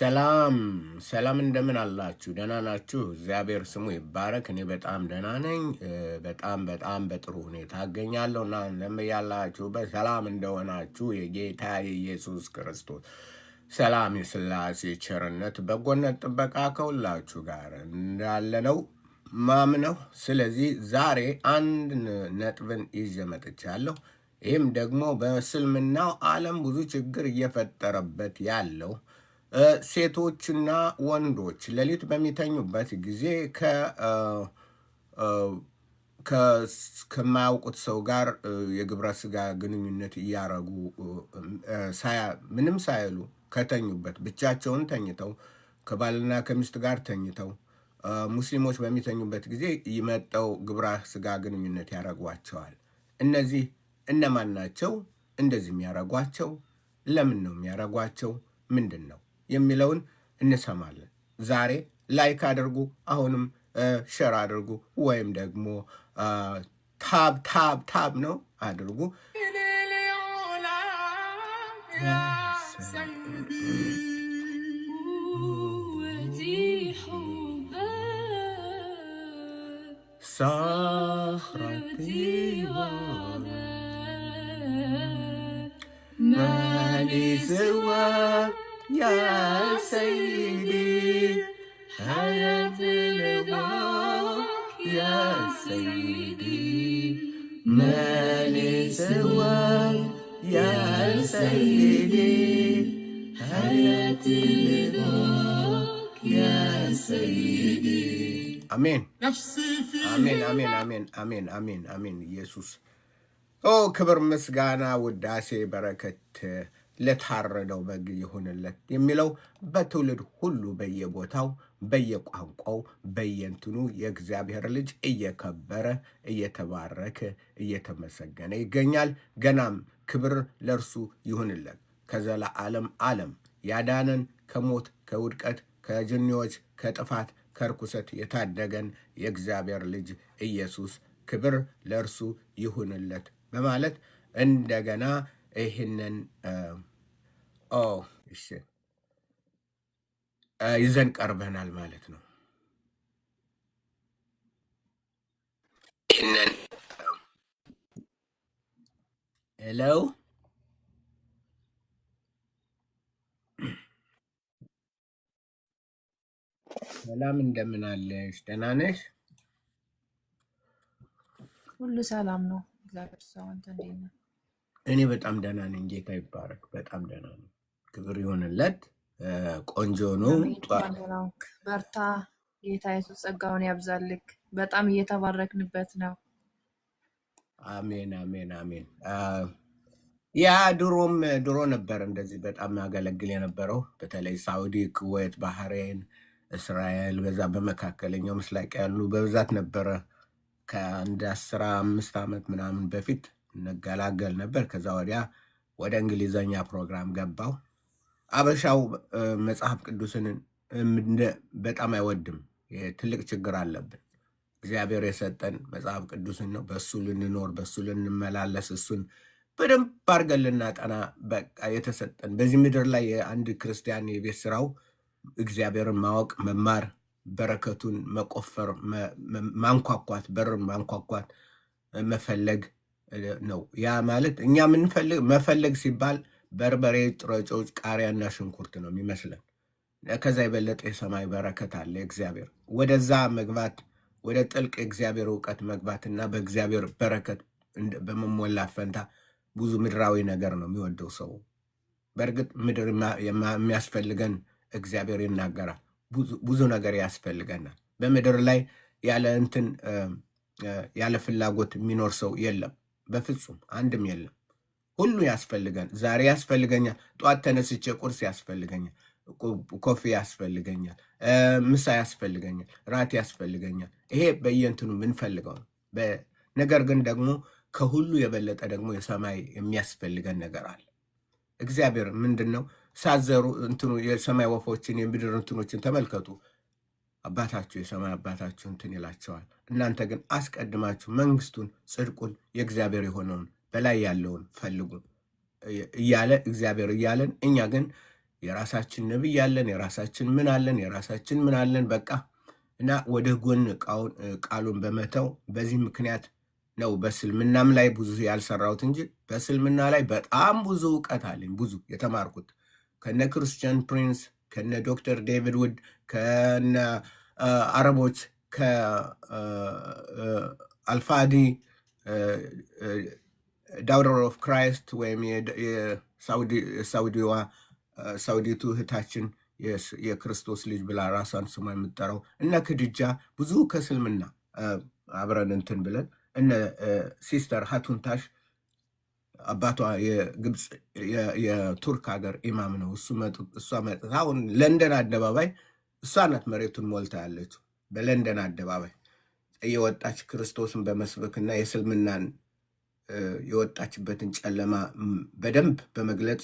ሰላም ሰላም፣ እንደምን አላችሁ? ደህና ናችሁ? እግዚአብሔር ስሙ ይባረክ። እኔ በጣም ደህና ነኝ። በጣም በጣም በጥሩ ሁኔታ አገኛለሁ እና እንደምያላችሁበት ሰላም እንደሆናችሁ የጌታ የኢየሱስ ክርስቶስ ሰላም፣ የስላሴ ቸርነት፣ በጎነት፣ ጥበቃ ከሁላችሁ ጋር እንዳለ ነው ማምነው። ስለዚህ ዛሬ አንድ ነጥብን ይዤ መጥቻለሁ። ይህም ደግሞ በእስልምናው ዓለም ብዙ ችግር እየፈጠረበት ያለው ሴቶችና ወንዶች ሌሊት በሚተኙበት ጊዜ ከማያውቁት ሰው ጋር የግብረ ስጋ ግንኙነት እያረጉ ምንም ሳይሉ ከተኙበት ብቻቸውን ተኝተው ከባልና ከሚስት ጋር ተኝተው ሙስሊሞች በሚተኙበት ጊዜ ይመጠው ግብረ ስጋ ግንኙነት ያረጓቸዋል። እነዚህ እነማን ናቸው? እንደዚህ የሚያረጓቸው ለምን ነው የሚያረጓቸው? ምንድን ነው? የሚለውን እንሰማለን። ዛሬ ላይክ አድርጉ፣ አሁንም ሸር አድርጉ፣ ወይም ደግሞ ታብ ታብ ታብ ነው አድርጉ። صخرتي وما يا سيدي حياة رضاك يا سيدي ما لي سواك يا سيدي حياتي رضاك يا سيدي አሜን አሜን አሜን አሜን አሜን አሜን አሜን ኢየሱስ ኦ ክብር ምስጋና ውዳሴ በረከት ለታረደው በግ ይሁንለት የሚለው በትውልድ ሁሉ በየቦታው በየቋንቋው በየንትኑ የእግዚአብሔር ልጅ እየከበረ እየተባረከ እየተመሰገነ ይገኛል። ገናም ክብር ለእርሱ ይሁንለት ከዘላዓለም ዓለም ያዳነን ከሞት ከውድቀት ከጅኒዎች ከጥፋት ከርኩሰት የታደገን የእግዚአብሔር ልጅ ኢየሱስ ክብር ለእርሱ ይሁንለት በማለት እንደገና ይህንን ይዘን ቀርበናል ማለት ነው። ሄሎ ሰላም፣ እንደምን አለሽ? ደህና ነሽ? ሁሉ ሰላም ነው። እግዚአብሔር ሰው፣ አንተ እንዴት ነህ? እኔ በጣም ደህና ነኝ። ጌታ ይባረክ። በጣም ደህና ነው። ክብር ይሆንለት። ቆንጆ ነው። በርታ። ጌታ ኢየሱስ ጸጋውን ያብዛልክ። በጣም እየተባረክንበት ነው። አሜን፣ አሜን፣ አሜን። ያ ድሮም ድሮ ነበር እንደዚህ በጣም ያገለግል የነበረው በተለይ ሳውዲ፣ ኩዌት፣ ባህሬን፣ እስራኤል በዛ በመካከለኛው ምስራቅ ያሉ በብዛት ነበረ። ከአንድ አስራ አምስት ዓመት ምናምን በፊት እንገላገል ነበር። ከዛ ወዲያ ወደ እንግሊዘኛ ፕሮግራም ገባው። አበሻው መጽሐፍ ቅዱስን በጣም አይወድም። ትልቅ ችግር አለብን። እግዚአብሔር የሰጠን መጽሐፍ ቅዱስን ነው። በሱ ልንኖር፣ በሱ ልንመላለስ፣ እሱን በደንብ አድርገን ልናጠና በቃ የተሰጠን በዚህ ምድር ላይ የአንድ ክርስቲያን የቤት ስራው እግዚአብሔርን ማወቅ፣ መማር፣ በረከቱን መቆፈር፣ ማንኳኳት፣ በርን ማንኳኳት፣ መፈለግ ነው። ያ ማለት እኛ መፈለግ ሲባል በርበሬ፣ ጥረጮች፣ ቃሪያና ሽንኩርት ነው የሚመስለን። ከዛ የበለጠ የሰማይ በረከት አለ። እግዚአብሔር ወደዛ መግባት ወደ ጥልቅ የእግዚአብሔር እውቀት መግባትና በእግዚአብሔር በረከት በመሞላት ፈንታ ብዙ ምድራዊ ነገር ነው የሚወደው ሰው። በእርግጥ ምድር የሚያስፈልገን እግዚአብሔር ይናገራል። ብዙ ነገር ያስፈልገናል። በምድር ላይ ያለ እንትን ያለ ፍላጎት የሚኖር ሰው የለም፣ በፍጹም አንድም የለም። ሁሉ ያስፈልገን። ዛሬ ያስፈልገኛል። ጠዋት ተነስቼ ቁርስ ያስፈልገኛል፣ ኮፊ ያስፈልገኛል፣ ምሳ ያስፈልገኛል፣ ራት ያስፈልገኛል። ይሄ በየእንትኑ የምንፈልገው ነው። ነገር ግን ደግሞ ከሁሉ የበለጠ ደግሞ የሰማይ የሚያስፈልገን ነገር አለ። እግዚአብሔር ምንድን ነው ሳዘሩ እንትኑ የሰማይ ወፎችን የምድር እንትኖችን ተመልከቱ። አባታችሁ የሰማይ አባታችሁ እንትን ይላቸዋል። እናንተ ግን አስቀድማችሁ መንግስቱን፣ ጽድቁን፣ የእግዚአብሔር የሆነውን በላይ ያለውን ፈልጉ እያለ እግዚአብሔር እያለን፣ እኛ ግን የራሳችን ነብይ ያለን የራሳችን ምን አለን፣ የራሳችን ምን አለን በቃ እና ወደ ጎን ቃሉን በመተው በዚህ ምክንያት ነው በስልምናም ላይ ብዙ ያልሰራሁት እንጂ በስልምና ላይ በጣም ብዙ እውቀት አለኝ። ብዙ የተማርኩት ከነ ክርስቲያን ፕሪንስ ከነ ዶክተር ዴቪድ ውድ ከነ አረቦች ከአልፋዲ ዳውደር ኦፍ ክራይስት ወይም የሳውዲዋ ሳውዲቱ እህታችን የክርስቶስ ልጅ ብላ ራሷን ስሟ የምጠራው እነ ክድጃ ብዙ ከስልምና አብረን እንትን ብለን እነ ሲስተር ሀቱንታሽ አባቷ የግብፅ የቱርክ ሀገር ኢማም ነው። እሷ መጥታ አሁን ለንደን አደባባይ እሷ ናት መሬቱን ሞልታ ያለችው። በለንደን አደባባይ እየወጣች ክርስቶስን በመስበክና የስልምናን የወጣችበትን ጨለማ በደንብ በመግለጽ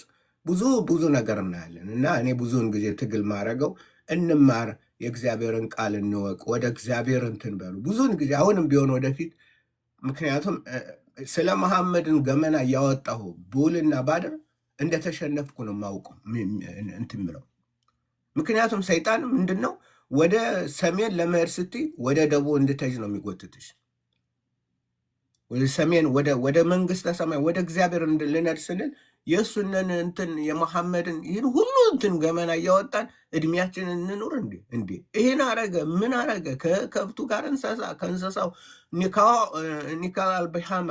ብዙ ብዙ ነገር እናያለን እና እኔ ብዙውን ጊዜ ትግል ማድረገው እንማር፣ የእግዚአብሔርን ቃል እንወቅ፣ ወደ እግዚአብሔር እንትን በሉ ብዙውን ጊዜ አሁንም ቢሆን ወደፊት ምክንያቱም ስለ መሐመድን ገመና እያወጣሁ ብውልና ባድር እንደተሸነፍኩ ነው የማውቀው እንትን ብለው ምክንያቱም ሰይጣን ምንድን ነው ወደ ሰሜን ለመሄድ ስትይ ወደ ደቡብ እንድተጅ ነው የሚጎትትሽ። ሰሜን ወደ መንግስተ ሰማይ ወደ እግዚአብሔር ልነድ ስንል የእሱንን እንትን የመሐመድን ይህን ሁሉ እንትን ገመና እያወጣን እድሜያችንን እንኑር እንዴ? እንዴ ይህን አረገ ምን አረገ? ከከብቱ ጋር እንስሳ ከእንስሳው ኒካላል ብሃማ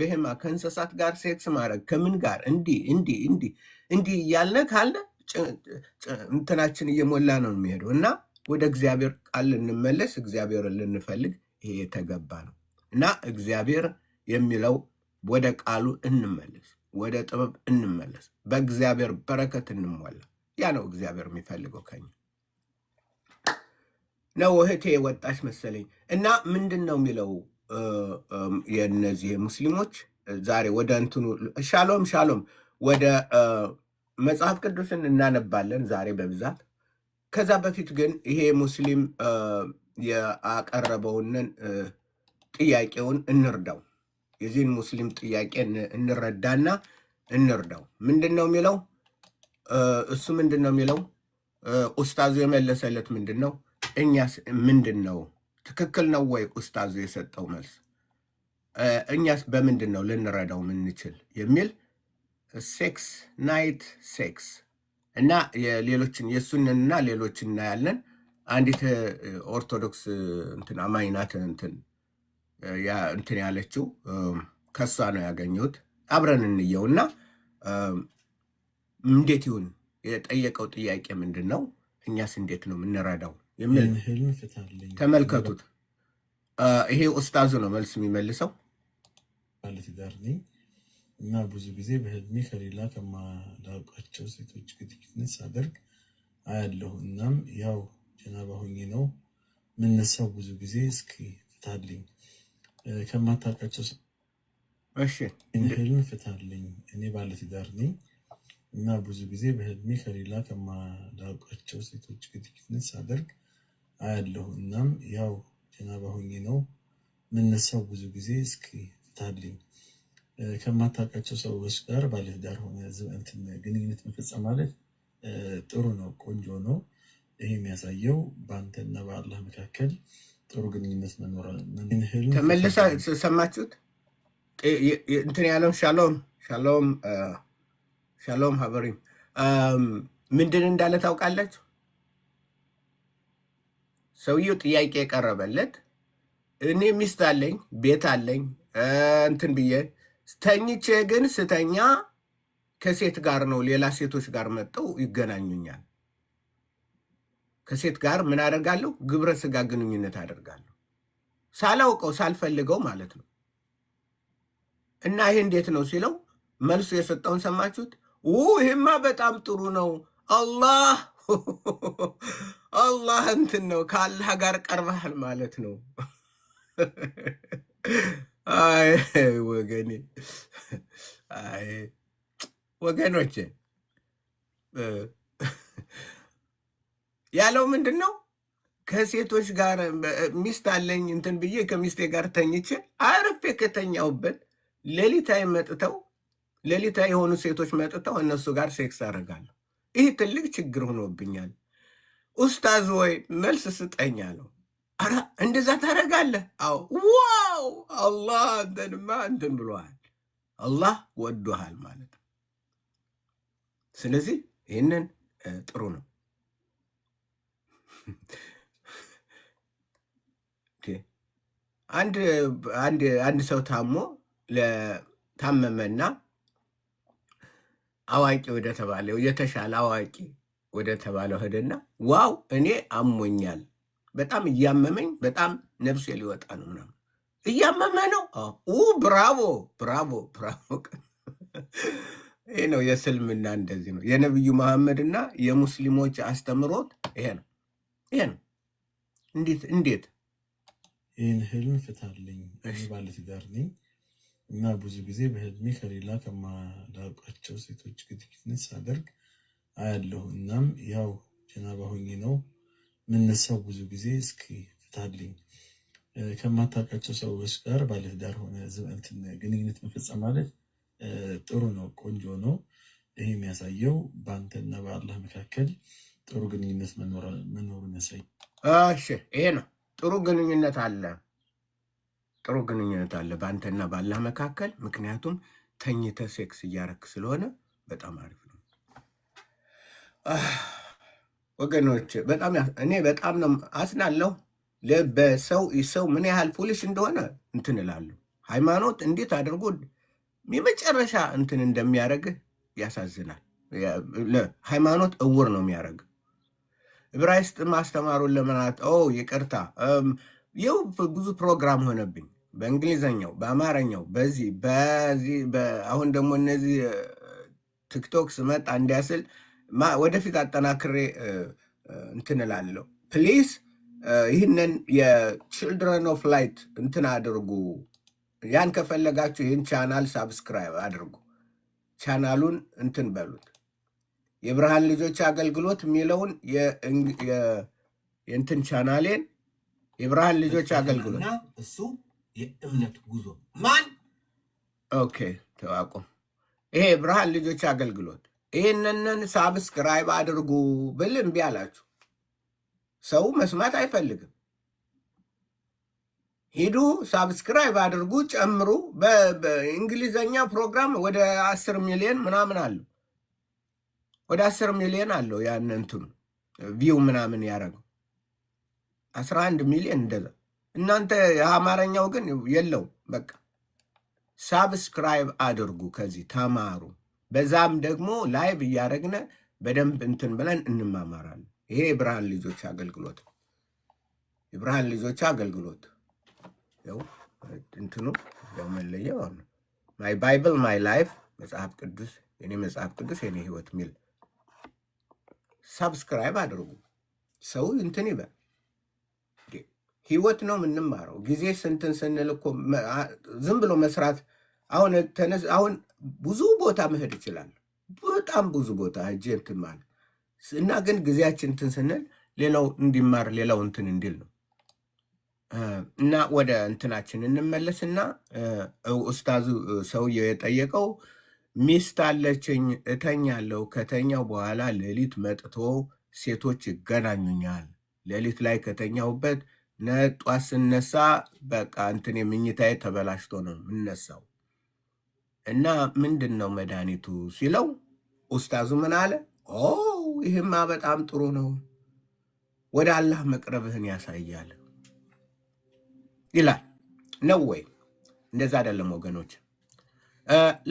ብሄማ ከእንስሳት ጋር ሴክስ ማድረግ ከምን ጋር እንዲ እንዲ እንዲ እንዲ እያልነ ካለ እንትናችን እየሞላ ነው የሚሄደው እና ወደ እግዚአብሔር ቃል ልንመለስ እግዚአብሔርን ልንፈልግ ይሄ የተገባ ነው። እና እግዚአብሔር የሚለው ወደ ቃሉ እንመለስ፣ ወደ ጥበብ እንመለስ፣ በእግዚአብሔር በረከት እንሞላ። ያ ነው እግዚአብሔር የሚፈልገው ከኛ ነው። እህቴ ወጣች መሰለኝ እና ምንድን ነው የሚለው የነዚህ ሙስሊሞች ዛሬ ወደ እንትኑ ሻሎም ሻሎም ወደ መጽሐፍ ቅዱስን እናነባለን ዛሬ በብዛት። ከዛ በፊት ግን ይሄ ሙስሊም ያቀረበውንን ጥያቄውን እንርዳው። የዚህን ሙስሊም ጥያቄ እንረዳና እንርዳው። ምንድን ነው የሚለው እሱ? ምንድን ነው የሚለው ኡስታዙ የመለሰለት ምንድን ነው? እኛስ ምንድን ነው? ትክክል ነው ወይ ኡስታዙ የሰጠው መልስ? እኛስ በምንድን ነው ልንረዳው ምንችል የሚል ሴክስ ናይት ሴክስ እና ሌሎችን የእሱንንና ሌሎችን እናያለን። አንዲት ኦርቶዶክስ እንትን አማኝ ናት እንትን እንትን ያለችው ከሷ ነው ያገኘሁት። አብረን እና እንዴት ይሁን የጠየቀው ጥያቄ ምንድን ነው? እኛስ እንዴት ነው የምንረዳው ተመልከቱት። ይሄ ኡስታዙ ነው መልስ የሚመልሰው። ባለትዳር ነኝ እና ብዙ ጊዜ በህልሜ ከሌላ ከማላውቃቸው ሴቶች ግንኙነት ሳደርግ አያለሁ። እናም ያው ጀናባ ሆኜ ነው የምነሳው ብዙ ጊዜ። እስኪ ፍታልኝ ከማታውቃቸው ህልም ፍታልኝ፣ እኔ ባለትዳር ነኝ እና ብዙ ጊዜ በህልሜ ከሌላ ከማላውቃቸው ሴቶች ግንኙነት ሳደርግ አያለሁ። እናም ያው ጀናባ ሆኜ ነው ምነሳው። ብዙ ጊዜ እስኪ ፍታልኝ። ከማታውቃቸው ሰዎች ጋር ባለትዳር ሆነ ግንኙነት መፈጸም ማለት ጥሩ ነው፣ ቆንጆ ነው። ይህ የሚያሳየው በአንተና በአላህ መካከል ጥሩ ግንኙነት መኖር ተመልሳ ሰማችሁት። እንትን ያለው ሻሎም ሻሎም ሻሎም ሀበሪም ምንድን እንዳለ ታውቃላችሁ? ሰውየው ጥያቄ የቀረበለት እኔ ሚስት አለኝ ቤት አለኝ እንትን ብዬ ተኝቼ ግን ስተኛ ከሴት ጋር ነው ሌላ ሴቶች ጋር መጠው ይገናኙኛል ከሴት ጋር ምን አደርጋለሁ? ግብረ ስጋ ግንኙነት አደርጋለሁ። ሳላውቀው ሳልፈልገው ማለት ነው። እና ይሄ እንዴት ነው ሲለው መልሱ የሰጠውን ሰማችሁት? ው ይህማ በጣም ጥሩ ነው። አላህ አላህ እንትን ነው ከአላህ ጋር ቀርበሃል ማለት ነው። አይ ወገኔ፣ አይ ወገኖቼ ያለው ምንድን ነው? ከሴቶች ጋር ሚስት አለኝ እንትን ብዬ ከሚስቴ ጋር ተኝቼ አርፌ ከተኛውበት ሌሊታ መጥተው ሌሊታይ የሆኑ ሴቶች መጥተው እነሱ ጋር ሴክስ አደርጋለሁ። ይህ ትልቅ ችግር ሆኖብኛል። ኡስታዝ ወይ መልስ ስጠኛ ነው። አረ እንደዛ ታደርጋለህ? አዎ። ዋው አላህ እንተንማ እንትን ብሎሃል። አላህ ወዶሃል ማለት ነው። ስለዚህ ይህንን ጥሩ ነው። አንድ አንድ አንድ ሰው ታሞ ለታመመና አዋቂ ወደ ተባለው የተሻለ አዋቂ ወደ ተባለው ሄደና ዋው እኔ አሞኛል፣ በጣም እያመመኝ፣ በጣም ነፍሴ ሊወጣ ነው ምናምን እያመመ ነው። ኡ ብራቮ ብራቮ ብራቮ። ይህ ነው የእስልምና እንደዚህ ነው። የነቢዩ መሐመድና የሙስሊሞች አስተምሮት ይሄ ነው። ይሄ ነው። እንዴት እንዴት ይህን ህልም ፍታልኝ። እኔ ባለትዳር ነኝ እና ብዙ ጊዜ በህልሜ ከሌላ ከማላውቃቸው ሴቶች ግንኙነት ሳደርግ አያለሁ። እናም ያው ጀናባ ሆኜ ነው የምነሳው ብዙ ጊዜ እስኪ ፍታልኝ። ከማታውቃቸው ሰዎች ጋር ባለትዳር ሆነ ግንኙነት መፈጸም ማለት ጥሩ ነው፣ ቆንጆ ነው። ይህ የሚያሳየው በአንተና በአላህ መካከል ጥሩ ግንኙነት መኖሩን ያሳይ። እሺ ይሄ ነው ጥሩ ግንኙነት አለ። ጥሩ ግንኙነት አለ በአንተና ባላህ መካከል። ምክንያቱም ተኝተ ሴክስ እያረክ ስለሆነ በጣም አሪፍ ነው ወገኖች። በጣም እኔ በጣም ነው አዝናለሁ። በሰው ሰው ምን ያህል ፉሊሽ እንደሆነ እንትን እላለሁ። ሃይማኖት እንዴት አድርጎ የመጨረሻ እንትን እንደሚያደርግህ ያሳዝናል። ሃይማኖት እውር ነው የሚያደርግህ። ዕብራይስጥ ማስተማሩን ለመናት ይቅርታ፣ ይው ብዙ ፕሮግራም ሆነብኝ። በእንግሊዘኛው፣ በአማርኛው፣ በዚህ በዚህ አሁን ደግሞ እነዚህ ቲክቶክ ስመጣ እንዲያስል ወደፊት አጠናክሬ እንትንላለሁ። ፕሊስ ይህንን የችልድረን ኦፍ ላይት እንትን አድርጉ። ያን ከፈለጋችሁ ይህን ቻናል ሳብስክራይብ አድርጉ። ቻናሉን እንትን በሉት። የብርሃን ልጆች አገልግሎት የሚለውን የእንትን ቻናሌን የብርሃን ልጆች አገልግሎት እሱ የእምነት ጉዞ ማን ኦኬ ተዋቁም ይሄ የብርሃን ልጆች አገልግሎት ይህንንን ሳብስክራይብ አድርጉ ብል እምቢ አላችሁ። ሰው መስማት አይፈልግም። ሂዱ ሳብስክራይብ አድርጉ፣ ጨምሩ። በእንግሊዘኛ ፕሮግራም ወደ አስር ሚሊዮን ምናምን አለው። ወደ አስር ሚሊዮን አለው ያን እንትኑ ቪው ምናምን ያደረገው አስራ አንድ ሚሊዮን እንደዛ። እናንተ የአማርኛው ግን የለው በቃ ሳብስክራይብ አድርጉ፣ ከዚህ ተማሩ። በዛም ደግሞ ላይቭ እያደረግነ በደንብ እንትን ብለን እንማማራለን። ይሄ የብርሃን ልጆች አገልግሎት የብርሃን ልጆች አገልግሎት ው እንትኑ ው መለየው ማይ ባይብል ማይ ላይፍ መጽሐፍ ቅዱስ የኔ መጽሐፍ ቅዱስ የኔ ህይወት ሚል ሰብስክራይብ አድርጉ። ሰው እንትን ይበል። ህይወት ነው የምንማረው። ጊዜ ስንትን ስንል እኮ ዝም ብሎ መስራት አሁን አሁን ብዙ ቦታ መሄድ ይችላል። በጣም ብዙ ቦታ እጅ እንትን ማለት እና ግን ጊዜያችን እንትን ስንል ሌላው እንዲማር ሌላው እንትን እንዲል ነው እና ወደ እንትናችን እንመለስና ኡስታዙ ሰውየው የጠየቀው ሚስት አለችኝ እተኛለሁ። ከተኛው በኋላ ሌሊት መጥቶ ሴቶች ይገናኙኛል። ሌሊት ላይ ከተኛሁበት ነጧ ስነሳ በቃ እንትን የምኝታዬ ተበላሽቶ ነው የምነሳው እና ምንድን ነው መድኃኒቱ ሲለው ኡስታዙ ምን አለ? ኦ ይህማ በጣም ጥሩ ነው፣ ወደ አላህ መቅረብህን ያሳያል ይላል። ነው ወይ? እንደዛ አይደለም ወገኖች።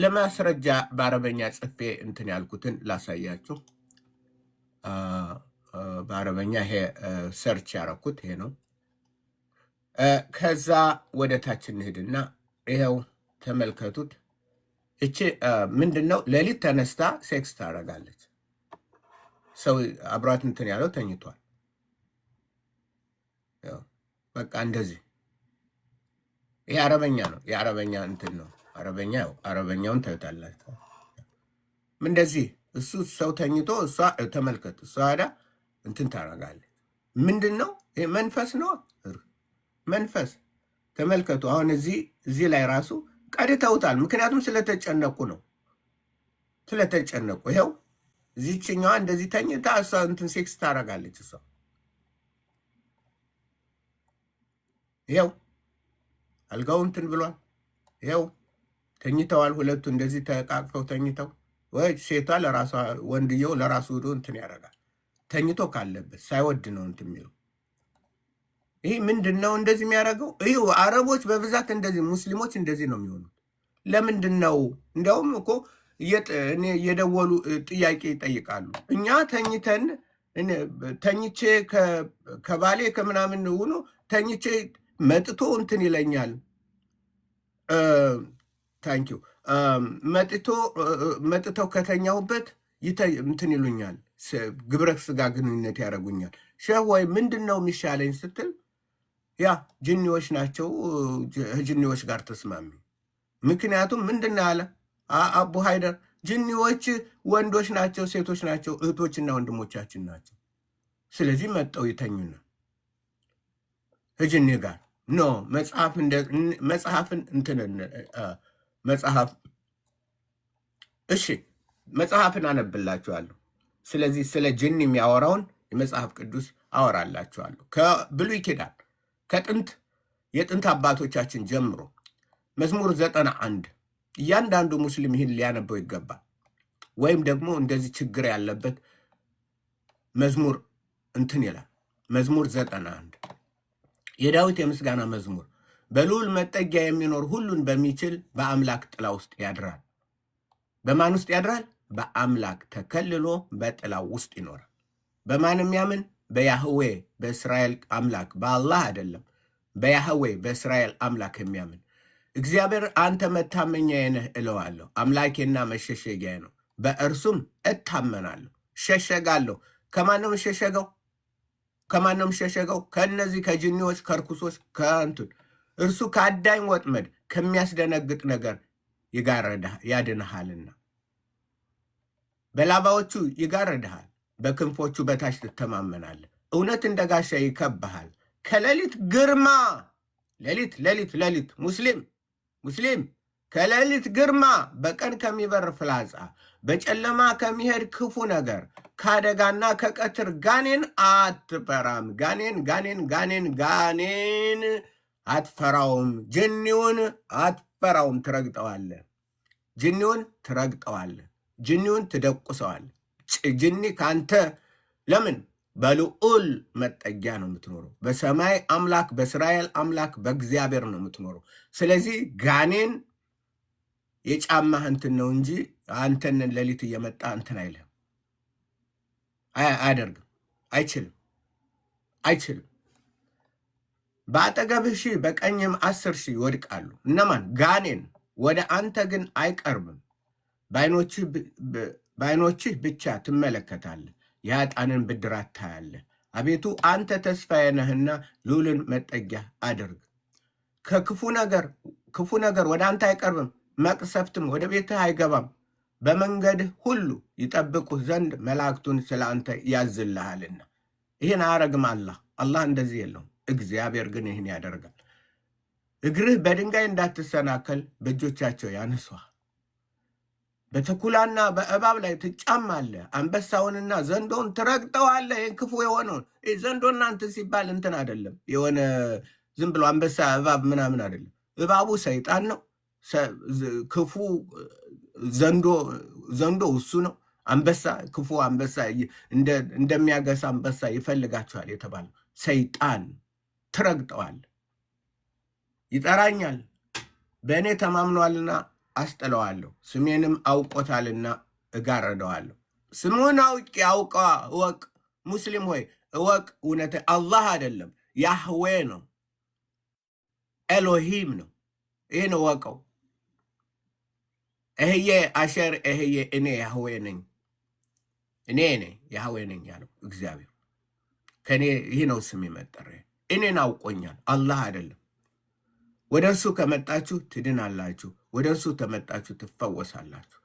ለማስረጃ በአረበኛ ጽፌ እንትን ያልኩትን ላሳያችሁ። በአረበኛ ይሄ ሰርች ያረኩት ይሄ ነው። ከዛ ወደ ታች እንሄድና ይኸው ተመልከቱት። እቺ ምንድን ነው? ሌሊት ተነስታ ሴክስ ታደርጋለች። ሰው አብሯት እንትን ያለው ተኝቷል። በቃ እንደዚህ። ይሄ አረበኛ ነው፣ የአረበኛ እንትን ነው። አረበኛ አረበኛውን ታዩታላችሁ። እንደዚህ እሱ ሰው ተኝቶ እሷ ተመልከት፣ እሷ ሄዳ እንትን ታረጋለች። ምንድን ነው ይሄ? መንፈስ ነው መንፈስ። ተመልከቱ አሁን እዚህ እዚህ ላይ ራሱ ቀድተውታል። ምክንያቱም ስለተጨነቁ ነው፣ ስለተጨነቁ ይኸው እዚችኛዋ እንደዚህ ተኝታ እሷ እንትን ሴክስ ታረጋለች። እሷ ይኸው አልጋው እንትን ብሏል። ይኸው ተኝተዋል። ሁለቱ እንደዚህ ተቃቅፈው ተኝተው ወይ ሴቷ ለራሷ ወንድየው ለራሱ ዶ እንትን ያደርጋል። ተኝቶ ካለበት ሳይወድ ነው እንትን የሚለው ይህ ምንድን ነው እንደዚህ የሚያደርገው? ይ አረቦች በብዛት እንደዚህ ሙስሊሞች እንደዚህ ነው የሚሆኑት። ለምንድን ነው እንዲያውም እኮ የደወሉ ጥያቄ ይጠይቃሉ። እኛ ተኝተን ተኝቼ ከባሌ ከምናምን ሆኖ ተኝቼ መጥቶ እንትን ይለኛል ታንኪ ዩ um, መጥቶ መጥተው ከተኛሁበት እንትን ይሉኛል፣ ግብረ ስጋ ግንኙነት ያደርጉኛል። ሸህ ወይ ምንድን ነው የሚሻለኝ ስትል ያ ጅኒዎች ናቸው፣ ጅኒዎች ጋር ተስማሚ። ምክንያቱም ምንድን ነው ያለ አቡ ሀይደር ጅኒዎች ወንዶች ናቸው፣ ሴቶች ናቸው፣ እህቶችና ወንድሞቻችን ናቸው። ስለዚህ መጠው ይተኙና ከጅኒ ጋር ኖ መጽሐፍን እንትን መጽሐፍ እሺ መጽሐፍን አነብላችኋለሁ። ስለዚህ ስለ ጅን የሚያወራውን የመጽሐፍ ቅዱስ አወራላችኋለሁ። ከብሉይ ኪዳን ከጥንት የጥንት አባቶቻችን ጀምሮ መዝሙር ዘጠና አንድ እያንዳንዱ ሙስሊም ይህን ሊያነበው ይገባል። ወይም ደግሞ እንደዚህ ችግር ያለበት መዝሙር እንትን ይላል። መዝሙር ዘጠና አንድ የዳዊት የምስጋና መዝሙር በልዑል መጠጊያ የሚኖር ሁሉን በሚችል በአምላክ ጥላ ውስጥ ያድራል። በማን ውስጥ ያድራል? በአምላክ ተከልሎ በጥላው ውስጥ ይኖራል። በማን የሚያምን? በያህዌ በእስራኤል አምላክ በአላህ አይደለም፣ በያህዌ በእስራኤል አምላክ የሚያምን እግዚአብሔር አንተ መታመኛዬ ነህ እለዋለሁ። አምላኬና መሸሸጊያዬ ነው፣ በእርሱም እታመናለሁ፣ ሸሸጋለሁ። ከማንም ሸሸገው ከማንም ሸሸገው ከእነዚህ ከጅኒዎች ከርኩሶች ከእንቱን እርሱ ከአዳኝ ወጥመድ ከሚያስደነግጥ ነገር ያድንሃልና በላባዎቹ ይጋረድሃል፣ በክንፎቹ በታች ትተማመናለህ። እውነት እንደ ጋሻ ይከብሃል። ከሌሊት ግርማ ሌሊት ሌሊት ሌሊት ሙስሊም ሙስሊም ከሌሊት ግርማ በቀን ከሚበር ፍላጻ በጨለማ ከሚሄድ ክፉ ነገር ከአደጋና ከቀትር ጋኔን አትፈራም። ጋኔን ጋኔን ጋኔን ጋኔን አትፈራውም። ጅኒውን አትፈራውም። ትረግጠዋለ። ጅኒውን ትረግጠዋለ። ጅኒውን ትደቁሰዋል። ጅኒ ከአንተ ለምን በልዑል መጠጊያ ነው የምትኖረው። በሰማይ አምላክ፣ በእስራኤል አምላክ፣ በእግዚአብሔር ነው የምትኖረው። ስለዚህ ጋኔን የጫማ እንትን ነው እንጂ አንተንን ሌሊት እየመጣ እንትን አይልህም፣ አያደርግም፣ አይችልም፣ አይችልም። በአጠገብህ ሺህ በቀኝም አስር ሺህ ይወድቃሉ። እነማን? ጋኔን ወደ አንተ ግን አይቀርብም። በአይኖችህ ብቻ ትመለከታለህ፣ የአጣንን ብድራት ታያለህ። አቤቱ አንተ ተስፋዬ ነህና ልዑልን መጠጊያ አድርግ። ከክፉ ነገር ክፉ ነገር ወደ አንተ አይቀርብም፣ መቅሰፍትም ወደ ቤትህ አይገባም። በመንገድህ ሁሉ ይጠብቁህ ዘንድ መላእክቱን ስለ አንተ ያዝልሃልና። ይህን አያረግም አላህ አላህ እንደዚህ የለውም። እግዚአብሔር ግን ይህን ያደርጋል። እግርህ በድንጋይ እንዳትሰናከል በእጆቻቸው ያነሷ። በተኩላና በእባብ ላይ ትጫማለህ፣ አንበሳውንና ዘንዶን ትረግጠዋለህ። ይህን ክፉ የሆነውን ዘንዶና እንትን ሲባል እንትን አይደለም፣ የሆነ ዝም ብሎ አንበሳ እባብ ምናምን አይደለም። እባቡ ሰይጣን ነው። ክፉ ዘንዶ እሱ ነው። አንበሳ ክፉ አንበሳ እንደሚያገሳ አንበሳ ይፈልጋቸዋል የተባለው ሰይጣን ትረግጠዋል። ይጠራኛል፣ በእኔ ተማምኗልና አስጥለዋለሁ፣ ስሜንም አውቆታልና እጋረደዋለሁ። ስሙን አውቂ አውቀዋ እወቅ፣ ሙስሊም ሆይ እወቅ፣ እውነት አላህ አይደለም ያህዌ ነው፣ ኤሎሂም ነው። ይህን እወቀው። እህዬ አሸር እህዬ እኔ ያህዌ ነኝ እኔ ነኝ ያህዌ ነኝ ያለው እግዚአብሔር ከእኔ ይህ ነው ስም የመጠሪያ እኔን አውቆኛል፣ አላህ አይደለም። ወደ እርሱ ከመጣችሁ ትድናላችሁ፣ ወደ እርሱ ከመጣችሁ ትፈወሳላችሁ፣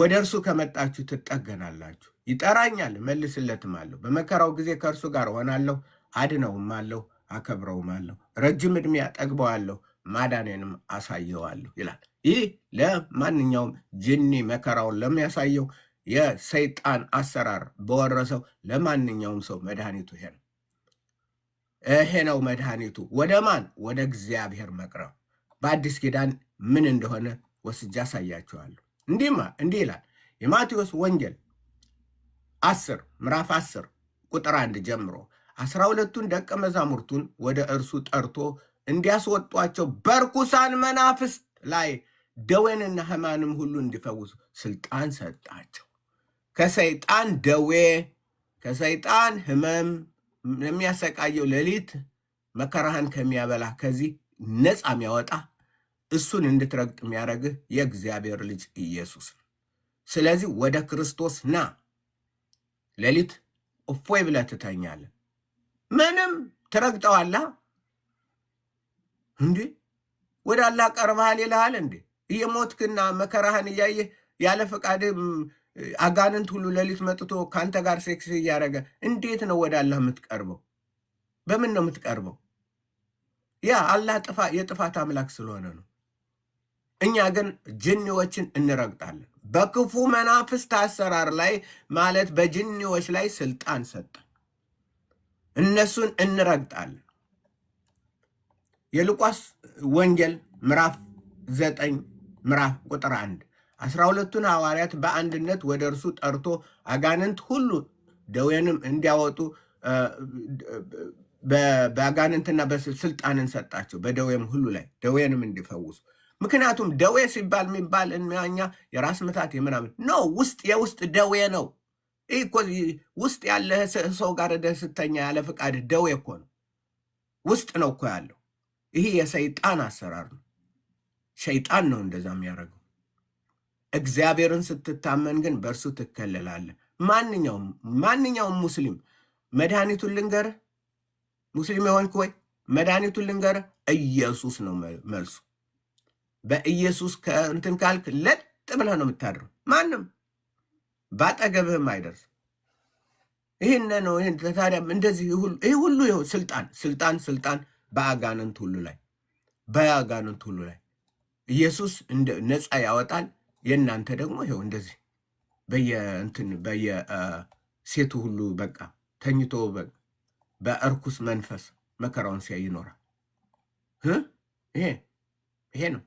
ወደ እርሱ ከመጣችሁ ትጠገናላችሁ። ይጠራኛል፣ መልስለትም አለሁ። በመከራው ጊዜ ከእርሱ ጋር ሆናለሁ፣ አድነውም አለሁ፣ አከብረውም አለሁ፣ ረጅም ዕድሜ አጠግበዋለሁ፣ ማዳኔንም አሳየዋለሁ ይላል። ይህ ለማንኛውም ጅኒ መከራውን ለሚያሳየው የሰይጣን አሰራር በወረሰው ለማንኛውም ሰው መድኃኒቱ ይሄ ነው። ይሄ ነው መድኃኒቱ። ወደ ማን? ወደ እግዚአብሔር መቅረብ። በአዲስ ኪዳን ምን እንደሆነ ወስጅ አሳያችኋለሁ። እንዲህማ እንዲህ ይላል የማቴዎስ ወንጌል አስር ምዕራፍ አስር ቁጥር አንድ ጀምሮ አስራ ሁለቱን ደቀ መዛሙርቱን ወደ እርሱ ጠርቶ እንዲያስወጧቸው በርኩሳን መናፍስት ላይ ደዌንና ሕማምንም ሁሉ እንዲፈውሱ ስልጣን ሰጣቸው። ከሰይጣን ደዌ ከሰይጣን ሕመም ለሚያሰቃየው ሌሊት መከራህን ከሚያበላ ከዚህ ነፃ የሚያወጣ እሱን እንድትረግጥ የሚያደርግህ የእግዚአብሔር ልጅ ኢየሱስ ነው። ስለዚህ ወደ ክርስቶስ ና። ሌሊት እፎይ ብለህ ትተኛለህ። ምንም ትረግጠዋላ እንዴ? ወደ አላህ ቀርበሃል ይልሃል እንዴ? እየሞትክና መከራህን እያየህ ያለ ፈቃድህ አጋንንት ሁሉ ሌሊት መጥቶ ከአንተ ጋር ሴክስ እያደረገ እንዴት ነው ወደ አላህ የምትቀርበው? በምን ነው የምትቀርበው? ያ አላህ የጥፋት አምላክ ስለሆነ ነው። እኛ ግን ጅኒዎችን እንረግጣለን። በክፉ መናፍስት አሰራር ላይ ማለት በጅኒዎች ላይ ስልጣን ሰጠ። እነሱን እንረግጣለን። የሉቃስ ወንጌል ምዕራፍ ዘጠኝ ምዕራፍ ቁጥር አንድ አስራ ሁለቱን ሐዋርያት በአንድነት ወደ እርሱ ጠርቶ አጋንንት ሁሉ ደዌንም እንዲያወጡ በአጋንንትና በስልጣንን ሰጣቸው፣ በደዌም ሁሉ ላይ ደዌንም እንዲፈውሱ። ምክንያቱም ደዌ ሲባል የሚባል እኛ የራስ ምታት የምናምን ነው፣ ውስጥ የውስጥ ደዌ ነው። ይህ እኮ ውስጥ ያለ ሰው ጋር ደስተኛ ያለ ፈቃድ ደዌ እኮ ነው፣ ውስጥ ነው እኮ ያለው። ይህ የሰይጣን አሰራር ነው። ሸይጣን ነው እንደዛ የሚያደርገው። እግዚአብሔርን ስትታመን ግን በእርሱ ትከለላለህ። ማንኛውም ማንኛውም ሙስሊም መድኃኒቱን ልንገር፣ ሙስሊም የሆንክ ወይ መድኃኒቱን ልንገር፣ ኢየሱስ ነው መልሱ። በኢየሱስ ከእንትን ካልክ ለጥ ብለህ ነው የምታድረው። ማንም ባጠገብህም አይደርስ። ይህነ ነው። ይህን ታዲያ እንደዚህ ይህ ሁሉ ስልጣን ስልጣን ስልጣን በአጋንንት ሁሉ ላይ በአጋንንት ሁሉ ላይ ኢየሱስ ነፃ ያወጣል የእናንተ ደግሞ ይኸው እንደዚህ በየእንትን በየሴቱ ሁሉ በቃ ተኝቶ በእርኩስ መንፈስ መከራውን ሲያ ይኖራል። ይሄ ይሄ ነው።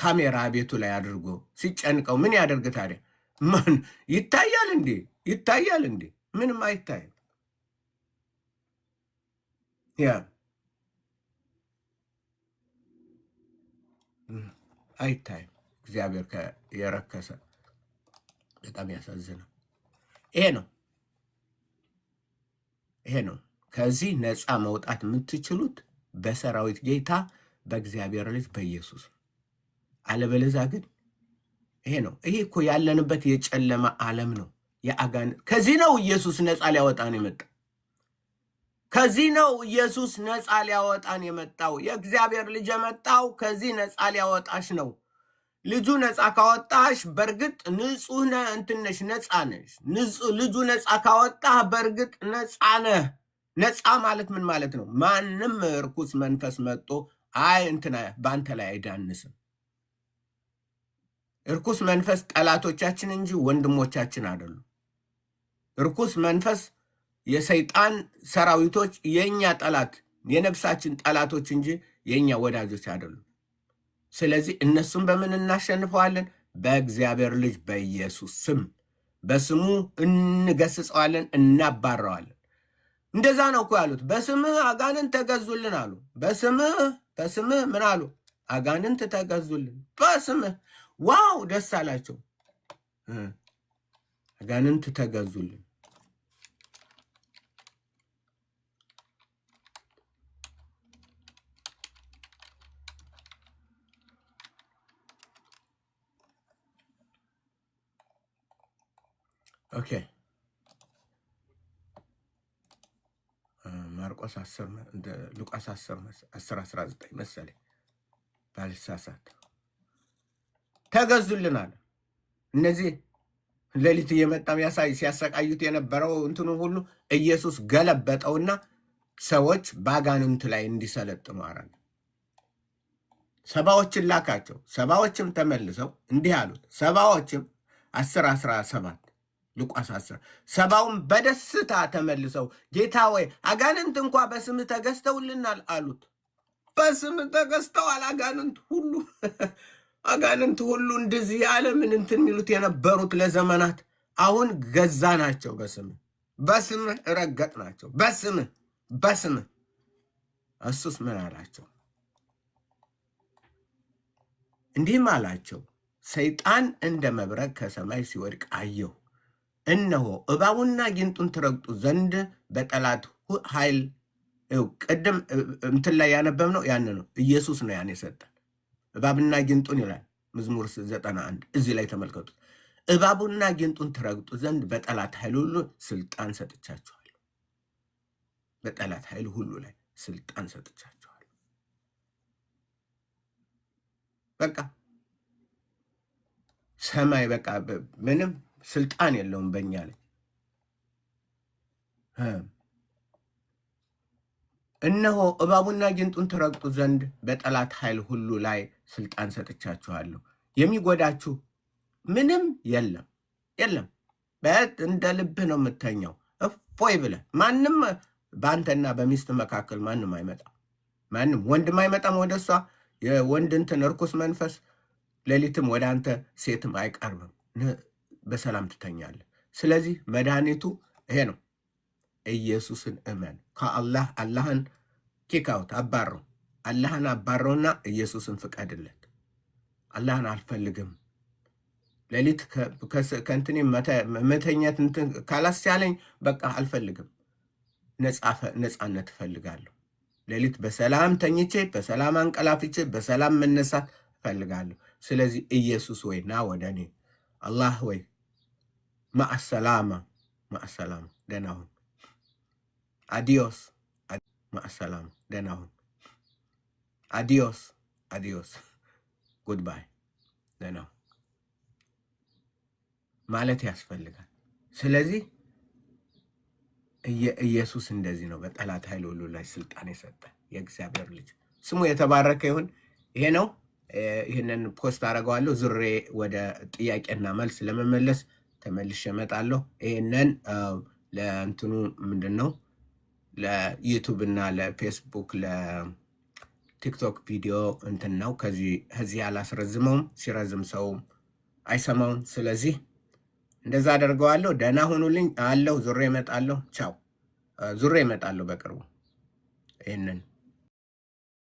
ካሜራ ቤቱ ላይ አድርጎ ሲጨንቀው ምን ያደርግ ታዲያ? ማን ይታያል እንዴ? ይታያል እንዴ? ምንም አይታይም። አይታይም። እግዚአብሔር የረከሰ በጣም ያሳዝነው ይሄ ነው። ይሄ ነው። ከዚህ ነፃ መውጣት የምትችሉት በሰራዊት ጌታ በእግዚአብሔር ልጅ በኢየሱስ አለበለዛ ግን ይሄ ነው። ይሄ እኮ ያለንበት የጨለማ ዓለም ነው። ከዚህ ነው ኢየሱስ ነፃ ሊያወጣን የመጣ ከዚህ ነው ኢየሱስ ነፃ ሊያወጣን የመጣው። የእግዚአብሔር ልጅ የመጣው ከዚህ ነፃ ሊያወጣሽ ነው። ልጁ ነፃ ካወጣሽ በእርግጥ ንጹህ እንትነሽ ነፃ ነሽ። ልጁ ነፃ ካወጣ በእርግጥ ነፃ ነህ። ነፃ ማለት ምን ማለት ነው? ማንም እርኩስ መንፈስ መጥቶ አይ እንትና በአንተ ላይ አይዳንስም። እርኩስ መንፈስ ጠላቶቻችን እንጂ ወንድሞቻችን አይደሉም። እርኩስ መንፈስ የሰይጣን ሰራዊቶች የእኛ ጠላት የነፍሳችን ጠላቶች እንጂ የእኛ ወዳጆች አይደሉም። ስለዚህ እነሱን በምን እናሸንፈዋለን? በእግዚአብሔር ልጅ በኢየሱስ ስም በስሙ እንገስጸዋለን፣ እናባረዋለን። እንደዛ ነው እኮ ያሉት። በስምህ አጋንንት ተገዙልን አሉ። በስምህ በስምህ ምን አሉ? አጋንንት ተገዙልን በስምህ። ዋው ደስ አላቸው። አጋንንት ተገዙልን። ኦኬ ማርቆስ ሉቃስ 10 19 መሰለኝ ባልሳሳት ተገዙልን እነዚህ ሌሊት እየመጣ ሲያሰቃዩት የነበረው እንትኑ ሁሉ ኢየሱስ ገለበጠውና ሰዎች በአጋንንት ላይ እንዲሰለጥኑ አረገ። ሰባዎችን ላካቸው። ሰባዎችም ተመልሰው እንዲህ አሉት። ሰባዎችም አስር አስራ ሰባት ሉቃስ 10 ሰባውን በደስታ ተመልሰው ጌታ ወይ አጋንንት እንኳ በስም ተገዝተውልናል አሉት። በስም ተገዝተዋል አጋንንት ሁሉ አጋንንት ሁሉ እንደዚህ የዓለምን እንትን የሚሉት የነበሩት ለዘመናት አሁን ገዛ ናቸው። በስም በስም ረገጥ ናቸው። በስም በስም እሱስ ምን አላቸው? እንዲህም አላቸው፣ ሰይጣን እንደ መብረቅ ከሰማይ ሲወድቅ አየሁ። እነሆ እባቡና ጊንጡን ትረግጡ ዘንድ በጠላት ኃይል ቅድም እንትን ላይ ያነበብ ነው ያን ነው። ኢየሱስ ነው ያን የሰጠን እባብና ጊንጡን ይላል መዝሙር ዘጠና አንድ እዚህ ላይ ተመልከቱት። እባቡና ጊንጡን ትረግጡ ዘንድ በጠላት ኃይል ሁሉ ስልጣን ሰጥቻችኋለሁ። በጠላት ኃይል ሁሉ ላይ ስልጣን ሰጥቻችኋለሁ። በቃ ሰማይ በቃ ምንም ስልጣን የለውም በእኛ ላይ። እነሆ እባቡና ጊንጡን ትረግጡ ዘንድ በጠላት ኃይል ሁሉ ላይ ስልጣን ሰጥቻችኋለሁ፣ የሚጎዳችሁ ምንም የለም የለም። በት እንደ ልብህ ነው የምተኛው፣ እፎይ ብለህ ማንም በአንተና በሚስት መካከል ማንም አይመጣም። ማንም ወንድም አይመጣም ወደ እሷ የወንድ እንትን እርኩስ መንፈስ ሌሊትም ወደ አንተ ሴትም አይቀርብም። በሰላም ትተኛለ። ስለዚህ መድኃኒቱ ይሄ ነው። ኢየሱስን እመን። ከአላህ አላህን ኪካውት አባረው አላህን አባረውና ኢየሱስን ፍቀድለት። አላህን አልፈልግም ሌሊት ከእንትኔ መተኛት ካላስቻለኝ በቃ አልፈልግም፣ ነፃነት እፈልጋለሁ። ሌሊት በሰላም ተኝቼ በሰላም አንቀላፍቼ በሰላም መነሳት እፈልጋለሁ። ስለዚህ ኢየሱስ ወይ ና ወደ እኔ አላህ ወይ ማአሰላማ ማአሰላማ፣ ደህና ሁን። አዲዮስ ማአሰላማ፣ ደህና ሁን። አዲዮስ አዲዮስ፣ ጉድባይ፣ ደህና ሁን ማለት ያስፈልጋል። ስለዚህ ኢየሱስ እንደዚህ ነው በጠላት ኃይል ሁሉ ላይ ስልጣን የሰጠ የእግዚአብሔር ልጅ ስሙ የተባረከ ይሁን። ይሄ ነው። ይህንን ፖስት አደርገዋለሁ። ዙሬ ወደ ጥያቄና መልስ ለመመለስ ተመልሼ እመጣለሁ። ይህንን ለእንትኑ ምንድን ነው ለዩቱብ እና ለፌስቡክ ለቲክቶክ ቪዲዮ እንትን ነው። ከዚህ አላስረዝመውም፣ ሲረዝም ሰው አይሰማውም። ስለዚህ እንደዛ አደርገዋለሁ። ደህና ሁኑልኝ አለው። ዙሬ እመጣለሁ። ቻው። ዙሬ እመጣለሁ በቅርቡ ይህንን